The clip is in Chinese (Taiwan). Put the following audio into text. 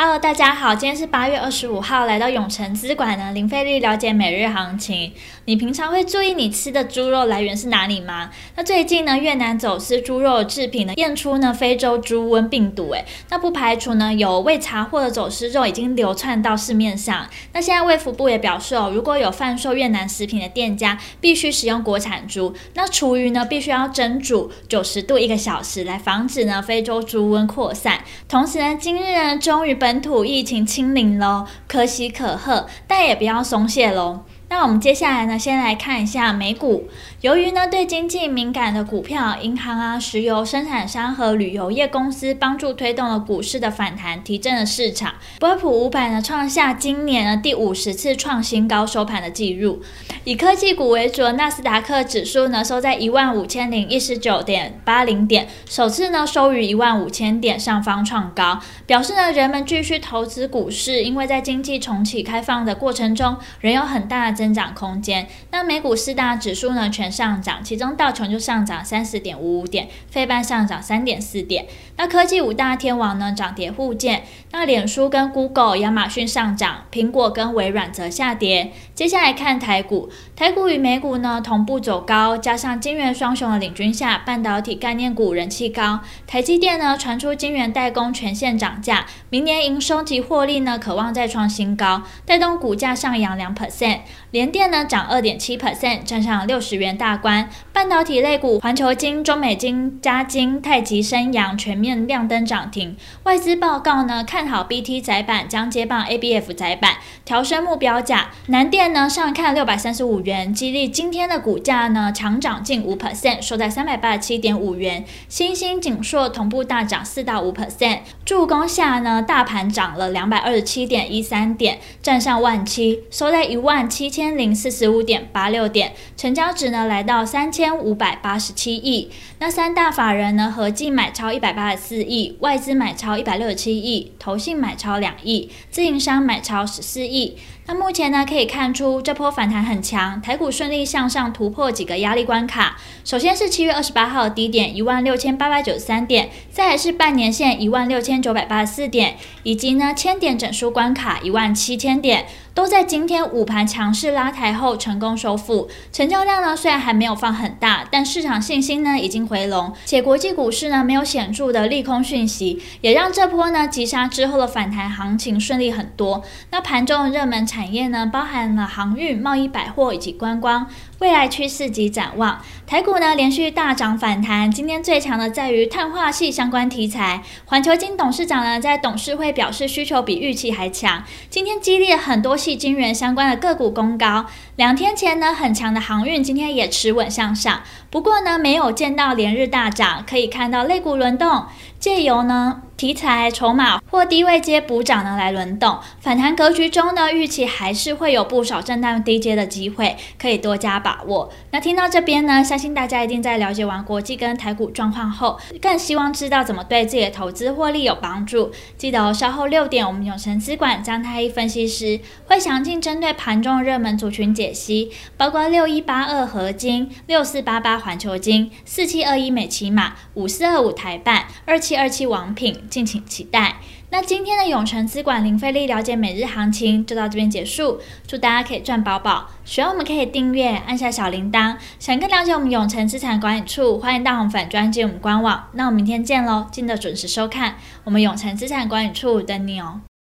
Hello，大家好，今天是八月二十五號，來到永城資管呢，零費力了解每日行情。你平常會注意你吃的豬肉來源是哪裡嗎？那最近呢，越南走私豬肉製品呢，驗出呢非洲豬瘟病毒、欸，哎，那不排除呢有未查獲的走私肉已經流竄到市面上。那現在衛福部也表示哦，如果有販售越南食品的店家，必須使用國產豬，那廚餘呢必須要蒸煮九十度一個小時，來防止呢非洲豬瘟擴散。同時呢，今日呢終於本。本土疫情清零咯，可喜可賀，但也不要鬆懈咯。那我們接下來呢，先來看一下美股。由於呢對經濟敏感的股票，銀行啊、石油生產商和旅遊業公司幫助推動了股市的反彈，提振了市場。標普五百呢創下今年的第五十次創新高收盤的記錄。以科技股為主的納斯達克指數呢收在一萬五千零一十九點八零點，首次呢收於一萬五千點上方創高，表示呢人們繼續投資股市，因為在經濟重啟開放的過程中仍有很大的。增長空間。那美股四大指數呢，全上漲，其中道瓊就上漲三十點五五點，費半上漲三點四點。那科技五大天王呢，漲跌互見。那臉書跟 Google、亞馬遜上漲，蘋果跟微軟則下跌。接下來看台股，台股與美股呢同步走高，加上晶圓雙雄的領軍下，半導體概念股人氣高。台積電呢傳出晶圓代工全線漲價，明年營收及獲利呢可望再創新高，帶動股價上揚兩 percent，聯電呢漲二點七 percent，站上六十元大關。半導體類股環球晶、中美晶、嘉晶、太極昇陽全面亮燈漲停。外資報告呢看好 BT 載板將接棒 ABF 載板，調升目標價。南電。呢，上看六百三十五元，激勵今天的股價呢，強漲近五 percent，收在三百八十七點五元。欣興景碩同步大漲四到五 percent，助攻下呢，大盤漲了兩百二十七點一三點，站上萬七，收在一萬七千零四十五點八六點，成交值呢來到三千五百八十七億。那三大法人呢，合計買超一百八十四億，外資買超一百六十七億，投信買超兩億，自營商買超十四億。那目前呢，可以看。出這波反彈很強，台股順利向上突破幾個壓力關卡。首先是七月二十八號低點一萬六千八百九十三點，再來是半年線一萬六千九百八十四點，以及呢千點整數關卡一萬七千點。都在今天午盤強勢拉抬後成功收復，成交量呢雖然還沒有放很大，但市場信心呢已經回籠，且國際股市呢沒有顯著的利空訊息，也讓這波呢急殺之後的反彈行情順利很多。那盤中的熱門產業呢包含了航運、貿易、百貨以及觀光。未來趨勢及展望，台股呢連續大漲反彈。今天最強的在於碳化矽相關題材，環球晶董事長呢在董事會表示需求比預期還強。今天激勵了很多矽晶圓相關的個股攻高。兩天前呢很強的航運今天也持穩向上，不過呢沒有見到連日大漲，可以看到類股輪動。借由呢題材籌碼或低位階補漲呢來輪動，反彈格局中呢，預期還是會有不少震盪低接的機會，可以多加把握。那聽到這邊呢，相信大家一定在了解完國際跟台股狀況後，更希望知道怎麼對自己的投資獲利有幫助。記得哦，稍後六點，我們永誠資管張太一分析師會詳盡針對盤中熱門族群解析，包括六一八二合金、六四八八環球金、四七二一美琪瑪、五四二五台半、二七。七二七王品，敬請期待。那今天的永城資管零費力了解每日行情就到這邊結束，祝大家可以賺飽飽。喜歡我們可以訂閱，按下小鈴鐺。想更了解我們永城資產管理處，歡迎到紅粉專頁我們官網。那我們明天見嘍，記得準時收看我們永城資產管理處等你哦。